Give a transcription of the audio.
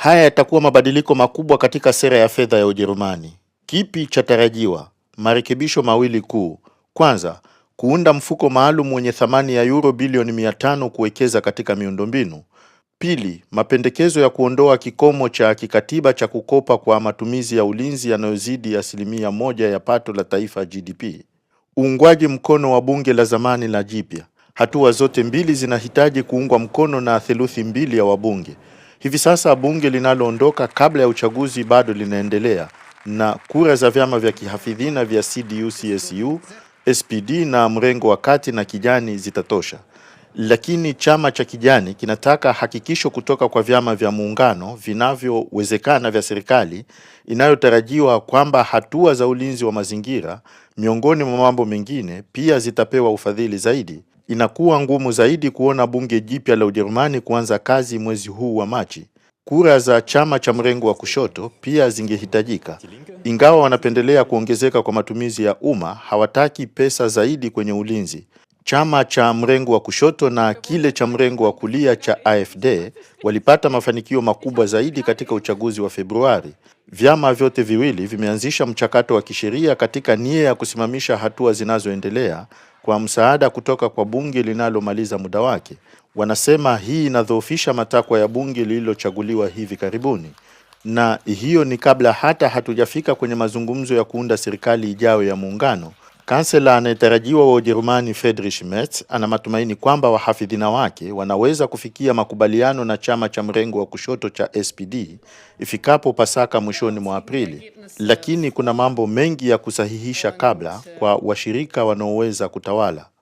Haya yatakuwa mabadiliko makubwa katika sera ya fedha ya Ujerumani. Kipi cha tarajiwa? Marekebisho mawili kuu. Kwanza, kuunda mfuko maalum wenye thamani ya euro bilioni 500 kuwekeza katika miundombinu. Pili, mapendekezo ya kuondoa kikomo cha kikatiba cha kukopa kwa matumizi ya ulinzi yanayozidi asilimia moja ya pato la taifa GDP. Uungwaji mkono wa bunge la zamani na jipya. Hatua zote mbili zinahitaji kuungwa mkono na theluthi mbili ya wabunge. Hivi sasa bunge linaloondoka kabla ya uchaguzi bado linaendelea na kura za vyama vya kihafidhina vya CDU CSU, SPD na mrengo wa kati na kijani zitatosha, lakini chama cha kijani kinataka hakikisho kutoka kwa vyama vya muungano vinavyowezekana vya serikali inayotarajiwa kwamba hatua za ulinzi wa mazingira, miongoni mwa mambo mengine, pia zitapewa ufadhili zaidi inakuwa ngumu zaidi kuona bunge jipya la Ujerumani kuanza kazi mwezi huu wa Machi. Kura za chama cha mrengo wa kushoto pia zingehitajika. Ingawa wanapendelea kuongezeka kwa matumizi ya umma, hawataki pesa zaidi kwenye ulinzi chama cha mrengo wa kushoto na kile cha mrengo wa kulia cha AFD walipata mafanikio makubwa zaidi katika uchaguzi wa Februari. Vyama vyote viwili vimeanzisha mchakato wa kisheria katika nia ya kusimamisha hatua zinazoendelea kwa msaada kutoka kwa bunge linalomaliza muda wake. Wanasema hii inadhoofisha matakwa ya bunge lililochaguliwa hivi karibuni, na hiyo ni kabla hata hatujafika kwenye mazungumzo ya kuunda serikali ijayo ya muungano Kansela anayetarajiwa wa Ujerumani Friedrich Merz ana matumaini kwamba wahafidhina wake wanaweza kufikia makubaliano na chama cha mrengo wa kushoto cha SPD ifikapo Pasaka mwishoni mwa Aprili, lakini kuna mambo mengi ya kusahihisha kabla kwa washirika wanaoweza kutawala.